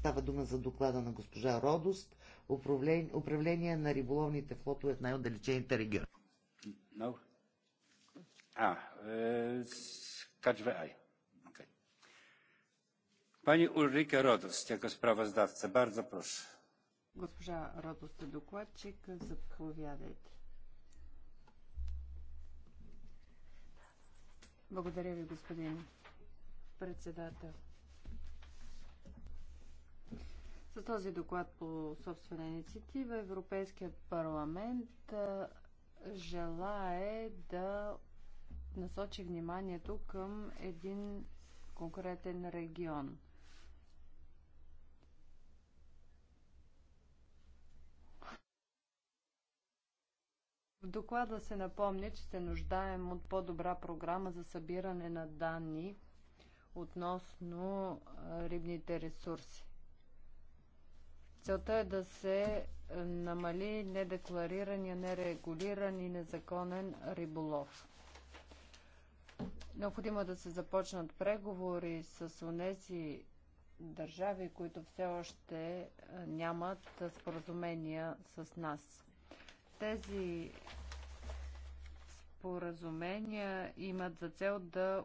Става дума за доклада на госпожа Родост, управление, управление на риболовните флотове в най-отдалечените региони. No. А, е, качва ай. Пани Ульрика Родост, Rodost, jako sprawozdawca, bardzo Госпожа Родост е докладчик, заповядайте. Благодаря ви, господин председател. С този доклад по собствена инициатива Европейският парламент желае да насочи вниманието към един конкретен регион. В доклада се напомня, че се нуждаем от по-добра програма за събиране на данни относно рибните ресурси. Целта е да се е, намали недекларирания, нерегулиран и незаконен риболов. Необходимо е да се започнат преговори с онези държави, които все още е, нямат споразумения с нас. Тези споразумения имат за цел да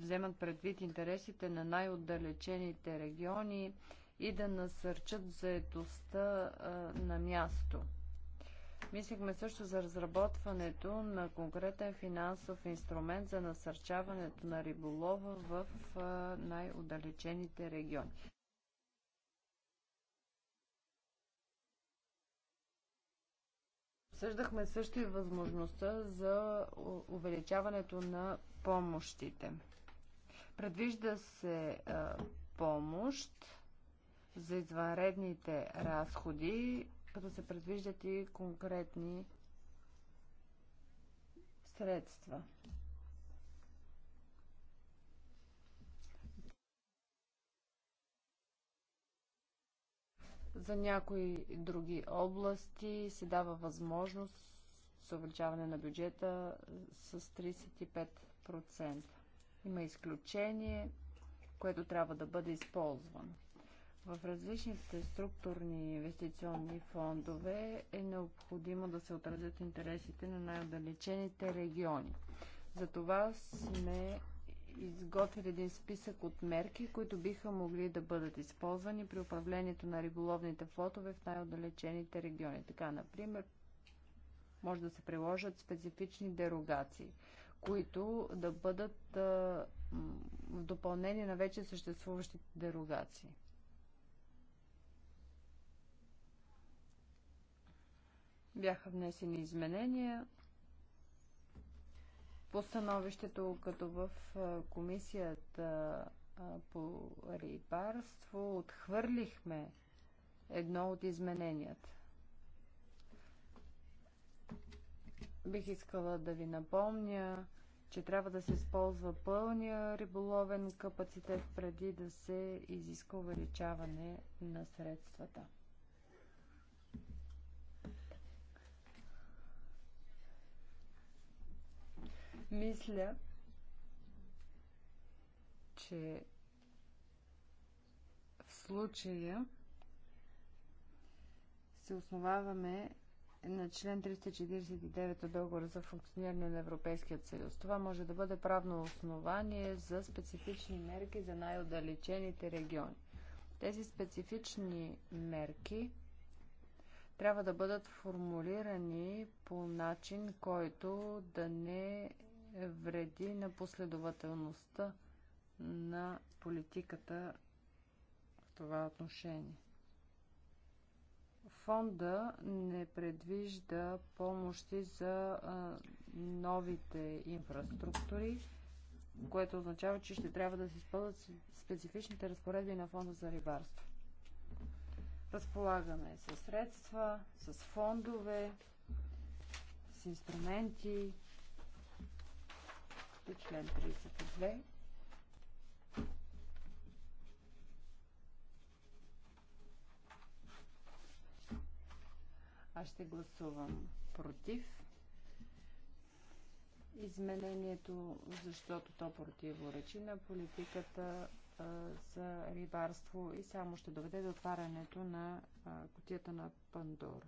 вземат предвид интересите на най-отдалечените региони, и да насърчат заедостта на място. Мислихме също за разработването на конкретен финансов инструмент за насърчаването на риболова в най удалечените региони. Съждахме също и възможността за увеличаването на помощите. Предвижда се помощ за извънредните разходи, като се предвиждат и конкретни средства. За някои други области се дава възможност за увеличаване на бюджета с 35%. Има изключение, което трябва да бъде използвано в различните структурни инвестиционни фондове е необходимо да се отразят интересите на най-отдалечените региони. Затова сме изготвили един списък от мерки, които биха могли да бъдат използвани при управлението на риболовните флотове в най-отдалечените региони. Така, например, може да се приложат специфични дерогации, които да бъдат а, в допълнение на вече съществуващите дерогации. бяха внесени изменения по становището, като в комисията по рибарство отхвърлихме едно от измененията. Бих искала да ви напомня, че трябва да се използва пълния риболовен капацитет преди да се изиска увеличаване на средствата. Мисля, че в случая се основаваме на член 349 от договора за функциониране на Европейския съюз. Това може да бъде правно основание за специфични мерки за най-отдалечените региони. Тези специфични мерки трябва да бъдат формулирани по начин, който да не вреди на последователността на политиката в това отношение. Фонда не предвижда помощи за а, новите инфраструктури, което означава, че ще трябва да се изпълнят специфичните разпоредби на фонда за рибарство. Разполагаме с средства, с фондове, с инструменти, проекто, член 32. Аз ще гласувам против изменението, защото то противоречи на политиката за рибарство и само ще доведе до отварянето на котията кутията на Пандора.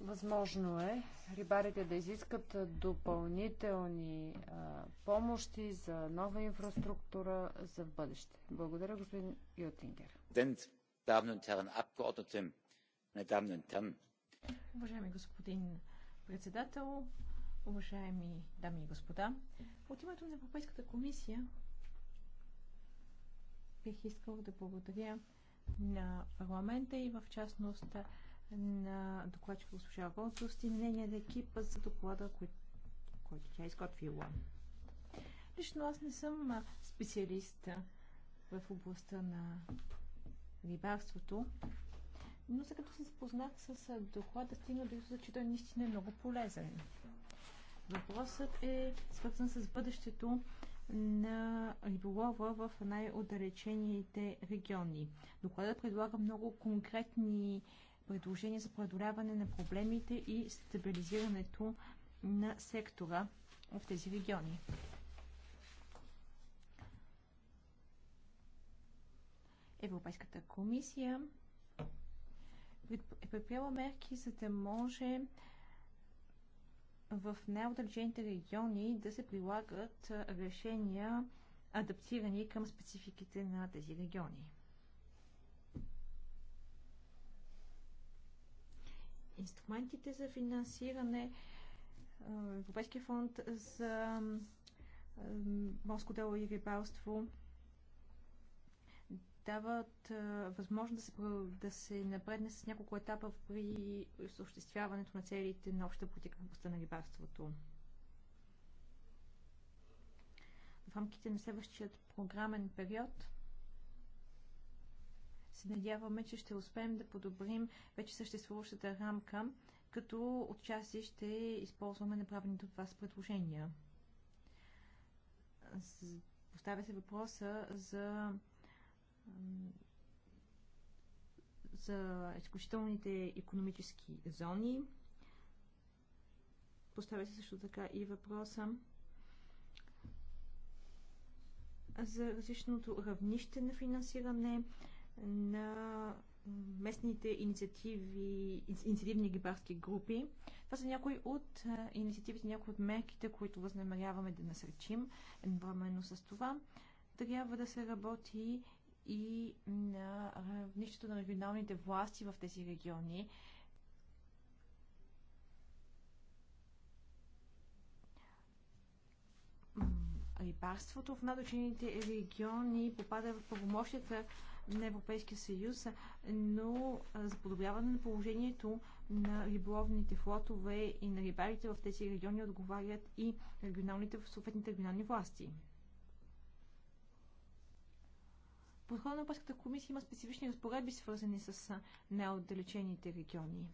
Възможно е рибарите да изискат допълнителни а, помощи за нова инфраструктура за в бъдеще. Благодаря, господин Йотингер. Уважаеми господин председател, уважаеми дами и господа, от името на Европейската комисия бих искал да благодаря на парламента и в частност на докладчика госпожа Волцов и мнение на екипа за доклада, кой, който тя е изготвила. Лично аз не съм специалист в областта на рибарството, но след като се запознах с доклада, стигна до извода, че той наистина е много полезен. Въпросът е свързан с бъдещето на риболова в най-отдалечените региони. Докладът предлага много конкретни предложения за преодоляване на проблемите и стабилизирането на сектора в тези региони. Европейската комисия е предприела мерки, за да може в най-отдалечените региони да се прилагат решения, адаптирани към спецификите на тези региони. инструментите за финансиране, е, Европейския фонд за е, морско дело и рибалство дават е, възможност да се, да се напредне с няколко етапа при осъществяването на целите на общата политика в областта на рибарството. В рамките на следващия програмен период се надяваме, че ще успеем да подобрим вече съществуващата рамка, като отчасти ще използваме направените от вас предложения. Поставя се въпроса за за изключителните економически зони. Поставя се също така и въпроса за различното равнище на финансиране, на местните инициативи, инициативни гибарски групи. Това са някои от инициативите, някои от мерките, които възнамеряваме да насречим. Едновременно с това трябва да се работи и на равнището на регионалните власти в тези региони. Рибарството в надочените региони попада в правомощията на Европейския съюз, но за подобряване на положението на риболовните флотове и на рибарите в тези региони отговарят и регионалните, съответните регионални власти. Подходът на Европейската комисия има специфични разпоредби, свързани с най-отдалечените региони.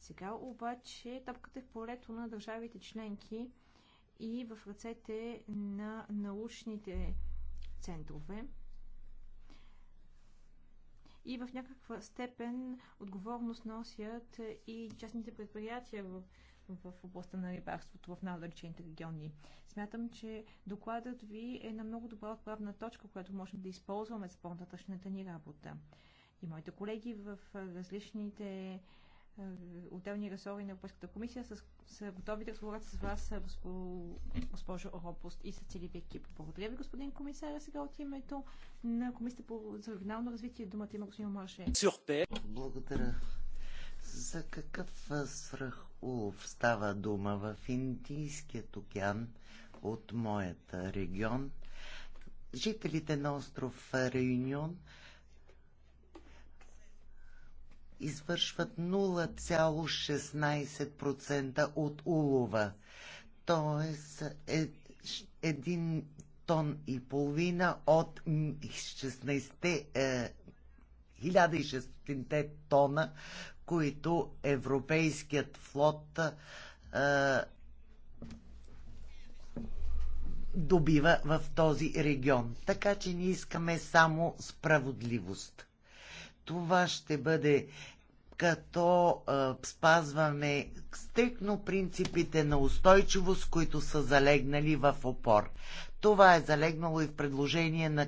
Сега обаче топката е в полето на държавите членки и в ръцете на научните центрове и в някаква степен отговорност носят и частните предприятия в в областта на рибарството в най-далечените региони. Смятам, че докладът ви е на много добра отправна точка, която можем да използваме за по-нататъчната ни работа. И моите колеги в различните е, отделни ресори на Европейската комисия, с са готови да разговарят с вас, госпожо Оропост и с целият екип. Благодаря ви, господин комисар. Сега от името на Комисията по регионално развитие думата има господин Маше. Благодаря. За какъв свръхулов става дума в Индийският океан от моята регион? Жителите на остров Реюнион – извършват 0,16% от улова. Тоест е, един тон и половина от 16, е, 1600 тона, които европейският флот е, добива в този регион. Така че ние искаме само справедливост това ще бъде като а, спазваме стрикно принципите на устойчивост, които са залегнали в опор. Това е залегнало и в предложение на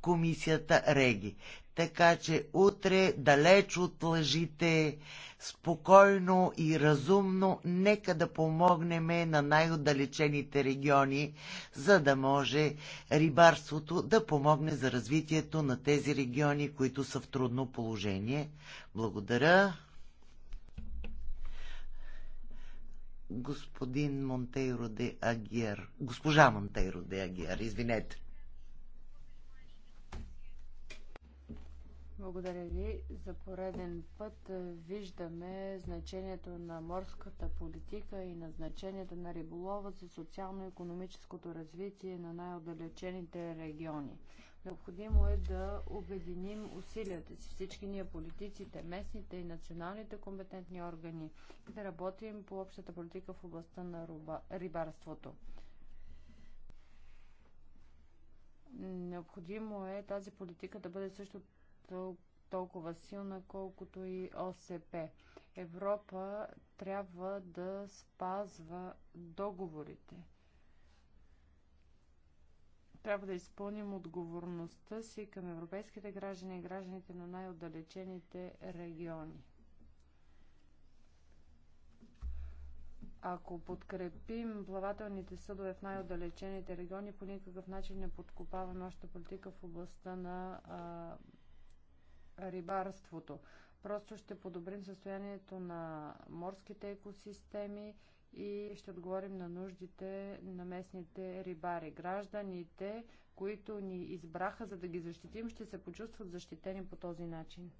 комисията Реги. Така че утре, далеч от лъжите, спокойно и разумно, нека да помогнем на най-отдалечените региони, за да може рибарството да помогне за развитието на тези региони, които са в трудно положение. Благодаря. Господин Монтейро де Агиер. Госпожа Монтейро де Агиер, извинете. Благодаря ви. За пореден път е, виждаме значението на морската политика и на значението на риболова за социално-економическото развитие на най-отдалечените региони. Необходимо е да обединим усилията си всички ние политиците, местните и националните компетентни органи и да работим по общата политика в областта на рибарството. Необходимо е тази политика да бъде също толкова силна, колкото и ОСП. Европа трябва да спазва договорите. Трябва да изпълним отговорността си към европейските граждани и гражданите на най-отдалечените региони. ако подкрепим плавателните съдове в най-отдалечените региони, по никакъв начин не подкопаваме нашата политика в областта на а, рибарството. Просто ще подобрим състоянието на морските екосистеми и ще отговорим на нуждите на местните рибари. Гражданите, които ни избраха за да ги защитим, ще се почувстват защитени по този начин.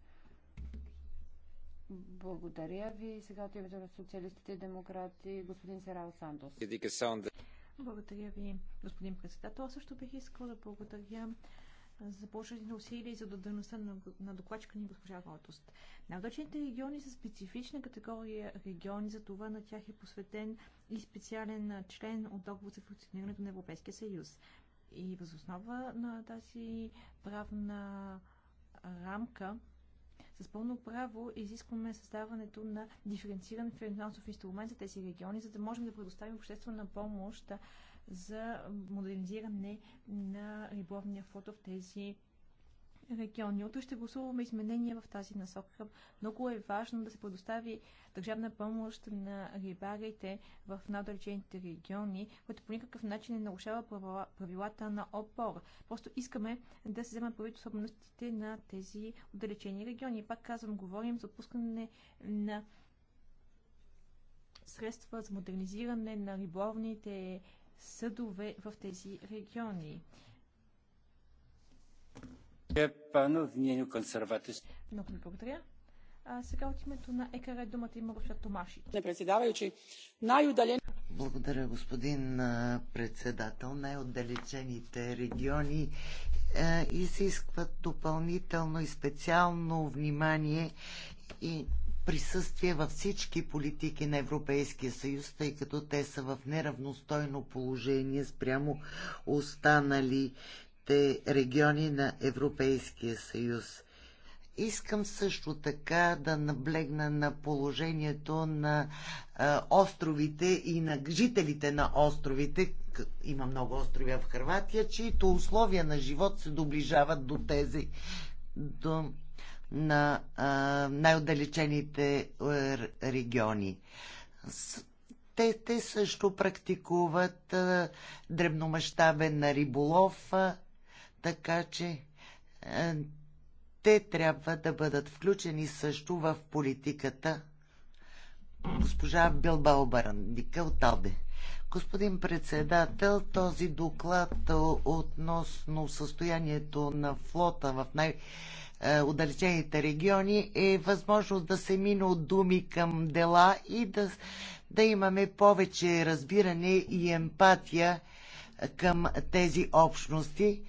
Благодаря ви. Сега от името на социалистите и демократи, господин Серал Сандос. Благодаря ви, господин председател. Аз също бих искал да благодаря за на усилия и за дадеността на, на докладчика ни госпожа Най-удачните региони са специфична категория региони, за това на тях е посветен и специален член от договор за функционирането на Европейския съюз. И възоснова на тази правна рамка с пълно право изискваме създаването на диференциран финансов инструмент за тези региони, за да можем да предоставим обществена помощ за модернизиране на риболовния флот в тези региони. Утре ще гласуваме изменения в тази насока. Много е важно да се предостави държавна помощ на рибарите в надалечените региони, което по никакъв начин не нарушава правилата на опор. Просто искаме да се вземат правит особеностите на тези отдалечени региони. Пак казвам, говорим за отпускане на средства за модернизиране на риболовните съдове в тези региони. Е, Много ви благодаря. А сега от името на ЕКР думата има госпожа Томаши. Благодаря, господин председател. Най-отдалечените региони изискват допълнително и специално внимание и присъствие във всички политики на Европейския съюз, тъй като те са в неравностойно положение спрямо останалите региони на Европейския съюз. Искам също така да наблегна на положението на а, островите и на жителите на островите. Има много острови в Харватия, чието условия на живот се доближават до тези, до на най-отдалечените е, региони. Те, те също практикуват а, дребномащабен риболов, а, така че а, е, те трябва да бъдат включени също в политиката. Госпожа Билбао Барандика от Албе. Господин председател, този доклад относно състоянието на флота в най- е, отдалечените региони е възможност да се мине от думи към дела и да, да имаме повече разбиране и емпатия е, към тези общности,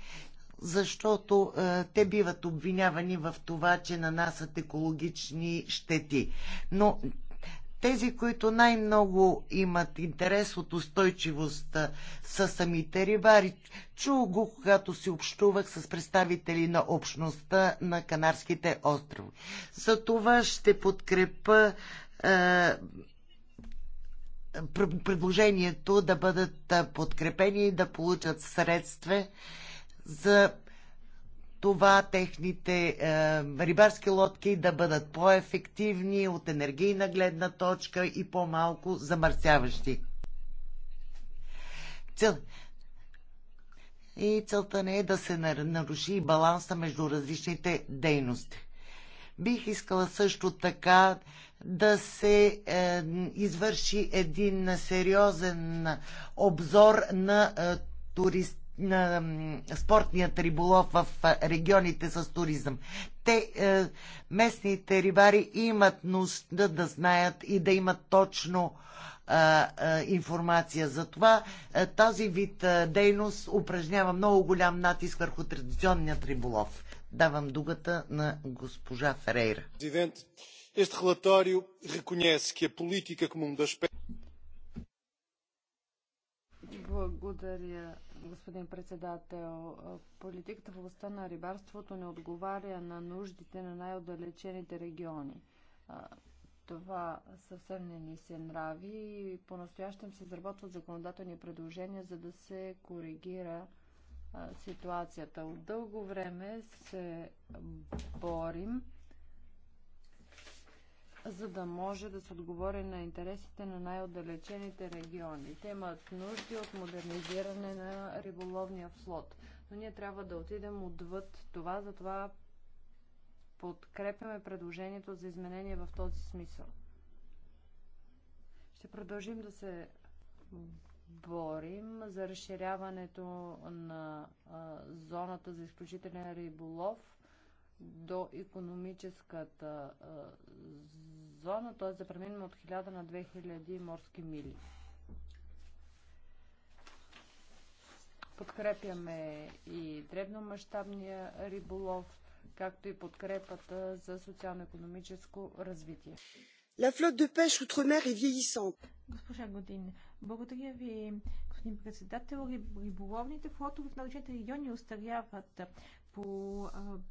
защото е, те биват обвинявани в това, че нанасят екологични щети. Но тези, които най-много имат интерес от устойчивост са самите рибари. Чух го, когато си общувах с представители на общността на Канарските острови. За това ще подкрепа е, предложението да бъдат подкрепени и да получат средства за това техните е, рибарски лодки да бъдат по-ефективни от енергийна гледна точка и по-малко замърсяващи. Цел... И целта не е да се наруши баланса между различните дейности. Бих искала също така да се е, извърши един сериозен обзор на е, турист на спортният риболов в регионите с туризъм. Те, е, местните рибари, имат нужда да знаят и да имат точно информация за това. Тази е, този вид дейност упражнява много голям натиск върху традиционният риболов. Давам дугата на госпожа Ферейра. Este relatório reconhece que a política comum das Благодаря, господин председател. Политиката в областта на рибарството не отговаря на нуждите на най-отдалечените региони. Това съвсем не ни се нрави и по-настоящем се изработват законодателни предложения, за да се коригира ситуацията. От дълго време се борим за да може да се отговори на интересите на най-отдалечените региони. Те имат нужди от модернизиране на риболовния флот. Но ние трябва да отидем отвъд това, затова подкрепяме предложението за изменение в този смисъл. Ще продължим да се борим за разширяването на зоната за изключителен риболов до економическата зона, т.е. да преминем от 1000 на 2000 морски мили. Подкрепяме и дребномащабния риболов, както и подкрепата за социално-економическо развитие. La flotte de pêche outre-mer est vieillissante. Госпожа Годин, благодаря ви, господин председател. Риболовните флотове в наречените региони остаряват по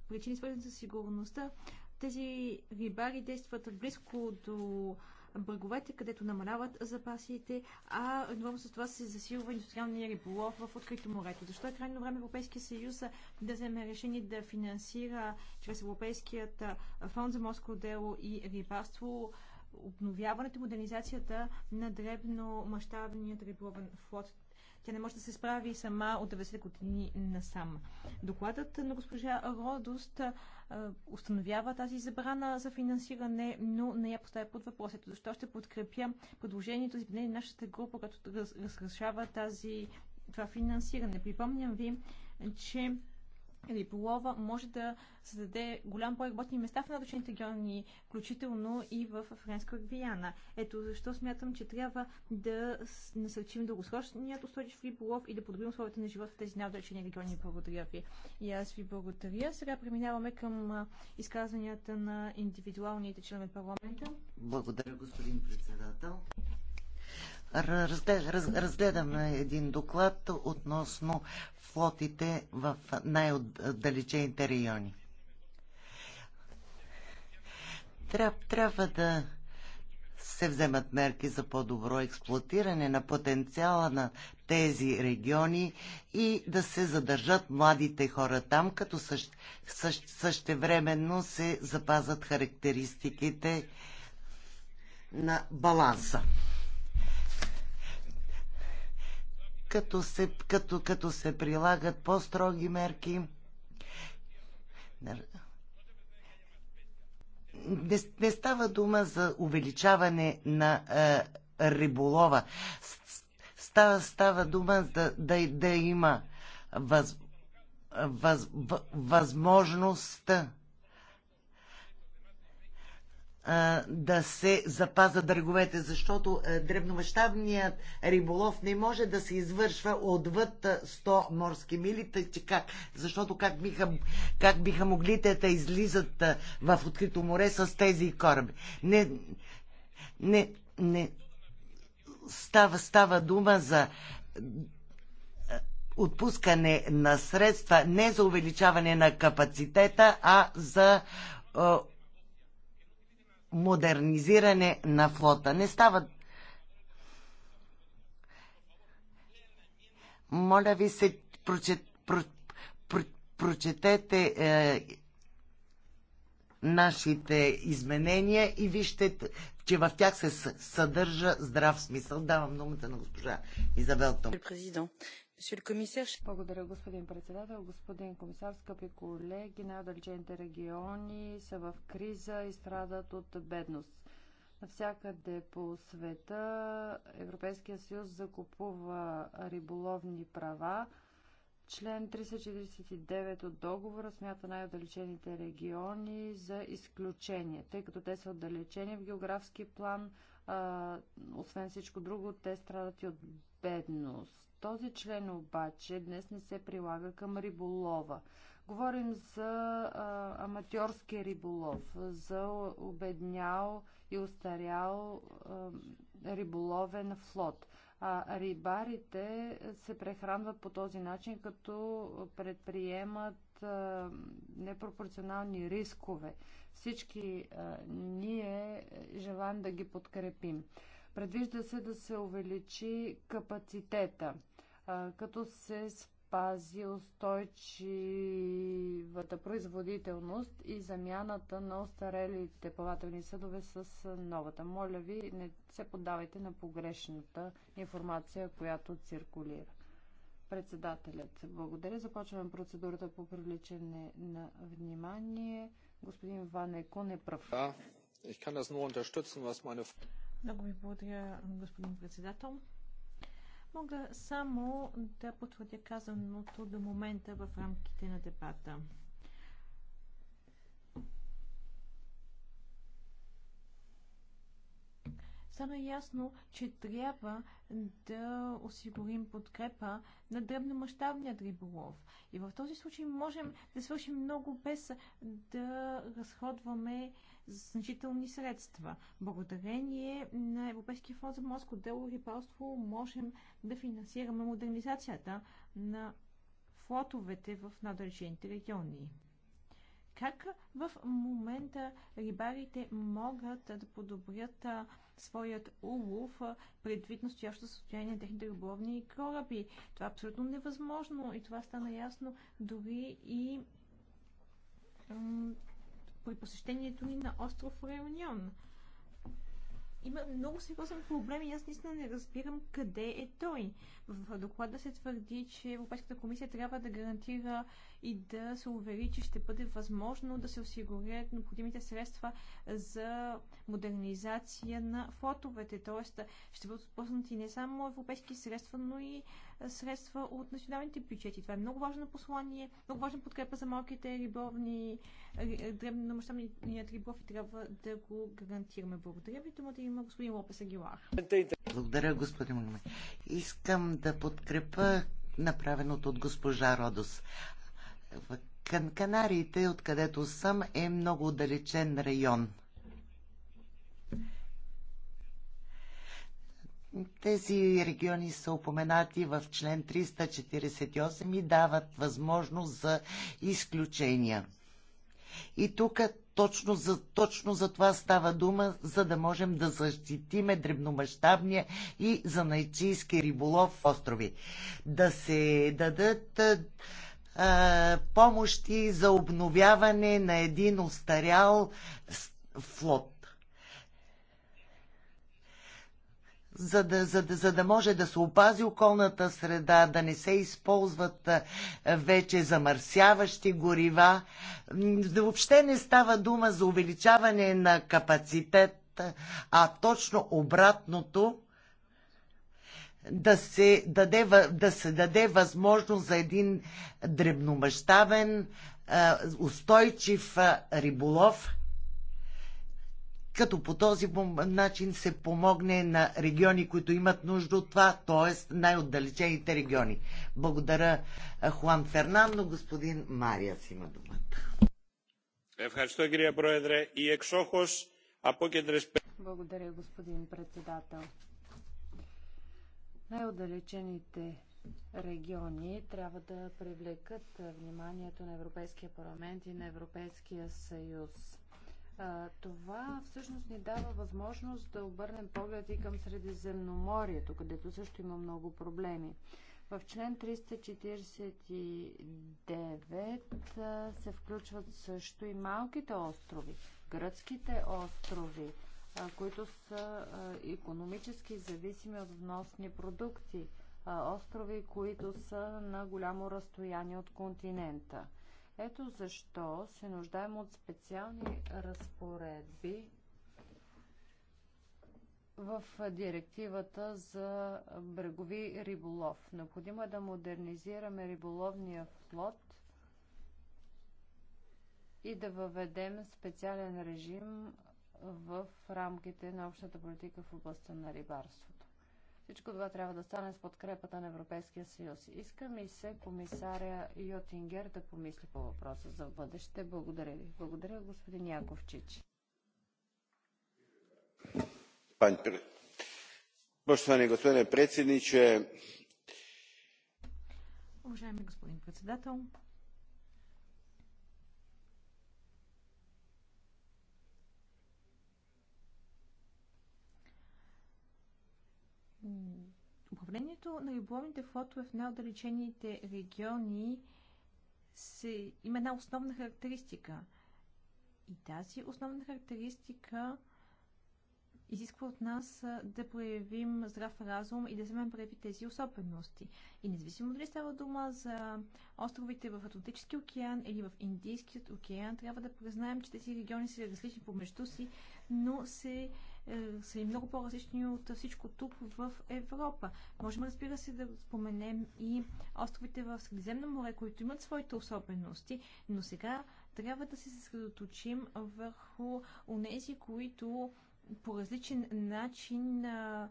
причини свързани с сигурността, тези рибари действат близко до бърговете, където намаляват запасите, а едновременно с това се засилва индустриалния риболов в открито морето. Защо е крайно време Европейския съюз да вземе решение да финансира чрез Европейският фонд за морско дело и рибарство обновяването и модернизацията на дребно дребномащабният риболовен флот тя не може да се справи сама от 90 години насам. Докладът на госпожа Родост установява тази забрана за финансиране, но не я поставя под въпросите. защо ще подкрепя предложението за изменение на нашата група, като разрешава тази, това финансиране. Припомням ви, че риболова може да създаде голям брой работни места в надочните региони, включително и в Френска Гвиана. Ето защо смятам, че трябва да насърчим дългосрочният устойчив риболов и да подобрим условията на живота в тези надочни региони. Благодаря ви. И аз ви благодаря. Сега преминаваме към изказванията на индивидуалните членове парламента. Благодаря, господин председател разгледаме един доклад относно флотите в най-отдалечените райони. Тряб, трябва да се вземат мерки за по-добро експлуатиране на потенциала на тези региони и да се задържат младите хора там, като същевременно се запазат характеристиките на баланса. като се, като, като се прилагат по-строги мерки. Не, не става дума за увеличаване на е, риболова. Става, става дума да, да, да има въз, въз, въз, възможността да се запазат дърговете, защото дребномащабният риболов не може да се извършва отвъд 100 морски мили, как, защото как биха, как биха могли те да излизат в открито море с тези кораби. Не, не, не става, става дума за отпускане на средства не за увеличаване на капацитета, а за модернизиране на флота. Не става. Моля ви се, прочет, про, про, прочетете е, нашите изменения и вижте, че в тях се съдържа здрав смисъл. Давам думата на госпожа Изабел Том. Благодаря, господин председател. Господин комисар, скъпи колеги, най-отдалечените региони са в криза и страдат от бедност. Навсякъде по света Европейския съюз закупува риболовни права. Член 349 от договора смята най-отдалечените региони за изключение, тъй като те са отдалечени в географски план. А, освен всичко друго, те страдат и от бедност. Този член обаче днес не се прилага към риболова. Говорим за а, аматьорски риболов, за обеднял и устарял а, риболовен флот. А рибарите се прехранват по този начин, като предприемат а, непропорционални рискове. Всички а, ние е, желаем да ги подкрепим. Предвижда се да се увеличи капацитета, като се спази устойчивата производителност и замяната на остарелите плавателни съдове с новата. Моля ви, не се поддавайте на погрешната информация, която циркулира. Председателят, благодаря. Започваме процедурата по привлечене на внимание. Господин Ванеко не прав. Да, ich kann das nur unterstützen, was meine... Много ви благодаря, господин председател. Мога само да потвърдя казаното до момента в рамките на дебата. стана ясно, че трябва да осигурим подкрепа на дребномащабният риболов. И в този случай можем да свършим много без да разходваме значителни средства. Благодарение на Европейския фонд за морско дело и рибалство можем да финансираме модернизацията на флотовете в надалечените региони. Как в момента рибарите могат да подобрят своят улов предвид настоящото състояние на техните риболовни кораби? Това е абсолютно невъзможно и това стана ясно дори и при посещението ни на остров Реунион. Има много сериозен проблем и аз наистина не разбирам къде е той. В доклада се твърди, че Европейската комисия трябва да гарантира и да се увери, че ще бъде възможно да се осигурят необходимите средства за модернизация на флотовете. Т.е. ще бъдат отпуснати не само европейски средства, но и средства от националните бюджети. Това е много важно послание, много важна подкрепа за малките рибовни, дребномащабният рибов и трябва да го гарантираме. Благодаря ви, думата има господин Лопес Агилар. Благодаря, господин Искам да подкрепа направеното от госпожа Родос. Кан Канариите, откъдето съм, е много отдалечен район. Тези региони са упоменати в член 348 и дават възможност за изключения. И тук точно за, точно за това става дума, за да можем да защитиме дребномащабния и занайчийски риболов в острови. Да се дадат помощи за обновяване на един устарял флот. за да, за, да, за да може да се опази околната среда, да не се използват вече замърсяващи горива. Въобще не става дума за увеличаване на капацитет, а точно обратното да се даде, да се даде възможност за един дребномащабен, е, устойчив е, риболов, като по този начин се помогне на региони, които имат нужда от това, т.е. най-отдалечените региони. Благодаря е, Хуан Фернандо, господин Мариас има думата. Благодаря, господин председател. Най-отдалечените региони трябва да привлекат вниманието на Европейския парламент и на Европейския съюз. Това всъщност ни дава възможност да обърнем поглед и към Средиземноморието, където също има много проблеми. В член 349 се включват също и малките острови, гръцките острови, които са економически зависими от вносни продукти, острови, които са на голямо разстояние от континента. Ето защо се нуждаем от специални разпоредби в директивата за брегови риболов. Необходимо е да модернизираме риболовния флот и да въведем специален режим в рамките на общата политика в областта на рибарството. Всичко това трябва да стане с подкрепата на Европейския съюз. Искам и се комисаря Йотингер да помисли по въпроса за бъдеще. Благодаря ви. Благодаря, господин Яковчич. Poštovani gospodine Уважаеми господин председател, Управлението на любовните флотове в най-отдалечените региони се, има една основна характеристика. И тази основна характеристика изисква от нас да проявим здрав разум и да вземем преди тези особености. И независимо дали става дума за островите в Атлантически океан или в Индийският океан, трябва да признаем, че тези региони са различни помежду си, но се са и много по-различни от всичко тук в Европа. Можем, разбира се, да споменем и островите в Средиземно море, които имат своите особености, но сега трябва да се съсредоточим върху онези, които по различен начин а,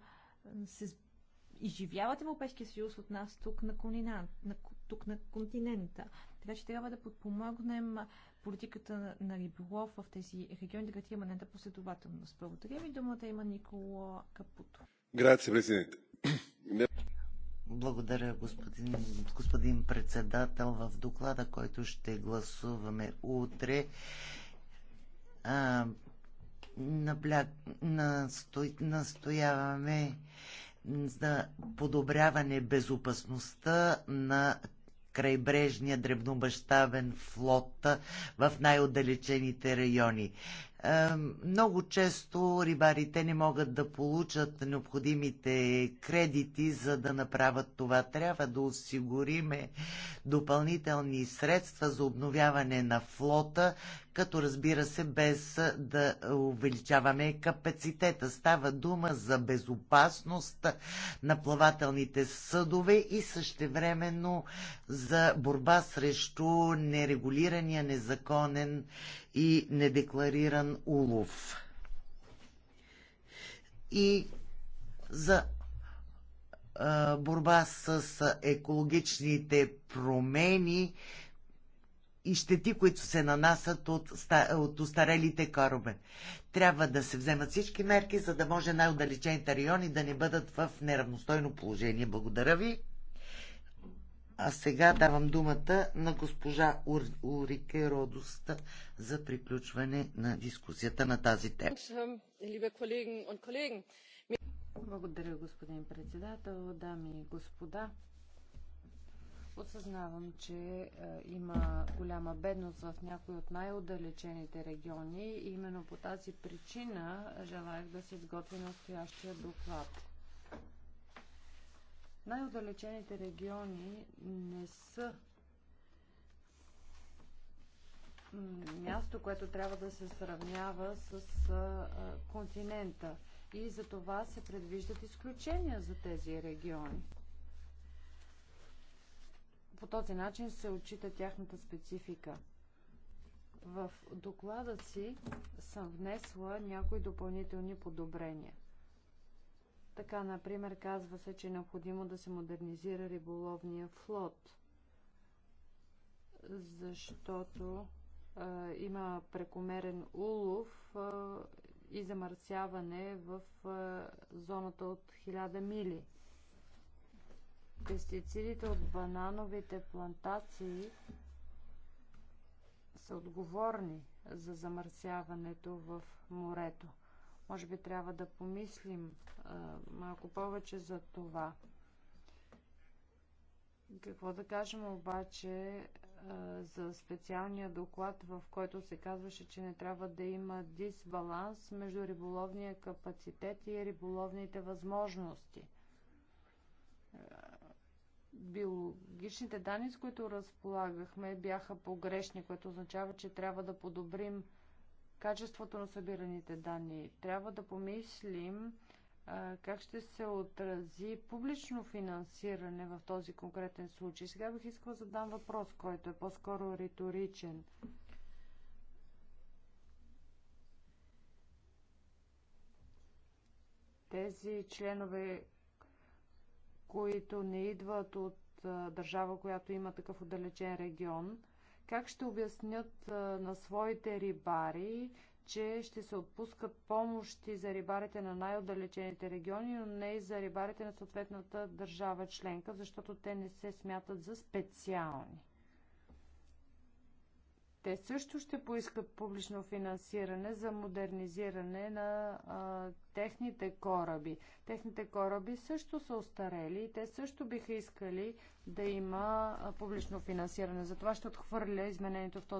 се изживяват Европейския съюз от нас тук на, конина, на, тук на континента. Така че трябва да подпомогнем политиката на риболов в тези региони, да има не да последователност. Благодаря ви. Думата има Никола Капуто. Грация, президент. Благодаря, господин, господин председател. В доклада, който ще гласуваме утре, а, набля, насто, настояваме за подобряване безопасността на крайбрежния древнобащавен флот в най-отдалечените райони. Много често рибарите не могат да получат необходимите кредити, за да направят това. Трябва да осигуриме допълнителни средства за обновяване на флота, като разбира се без да увеличаваме капацитета. Става дума за безопасност на плавателните съдове и същевременно за борба срещу нерегулирания, незаконен и недеклариран улов. И за борба с екологичните промени и щети, които се нанасят от, от устарелите корове, Трябва да се вземат всички мерки, за да може най-отдалечените райони да не бъдат в неравностойно положение. Благодаря ви. А сега давам думата на госпожа Ур... Урике Родост за приключване на дискусията на тази тема. Благодаря, господин председател, дами и господа. Осъзнавам, че е, има голяма бедност в някои от най-отдалечените региони и именно по тази причина желаях да се изготви настоящия доклад. Най-отдалечените региони не са място, което трябва да се сравнява с континента. И за това се предвиждат изключения за тези региони. По този начин се отчита тяхната специфика. В доклада си съм внесла някои допълнителни подобрения – така, например, казва се, че е необходимо да се модернизира риболовния флот, защото а, има прекомерен улов а, и замърсяване в а, зоната от 1000 мили. Пестицидите от банановите плантации са отговорни за замърсяването в морето. Може би трябва да помислим а, малко повече за това. Какво да кажем обаче а, за специалния доклад, в който се казваше, че не трябва да има дисбаланс между риболовния капацитет и риболовните възможности? биологичните данни, с които разполагахме, бяха погрешни, което означава, че трябва да подобрим качеството на събираните данни. Трябва да помислим а, как ще се отрази публично финансиране в този конкретен случай. Сега бих искала да задам въпрос, който е по-скоро риторичен. Тези членове, които не идват от а, държава, която има такъв отдалечен регион – как ще обяснят на своите рибари, че ще се отпускат помощи за рибарите на най-отдалечените региони, но не и за рибарите на съответната държава членка, защото те не се смятат за специални? Те също ще поискат публично финансиране за модернизиране на а, техните кораби. Техните кораби също са остарели и те също биха искали да има а, публично финансиране. Затова ще отхвърля изменението в този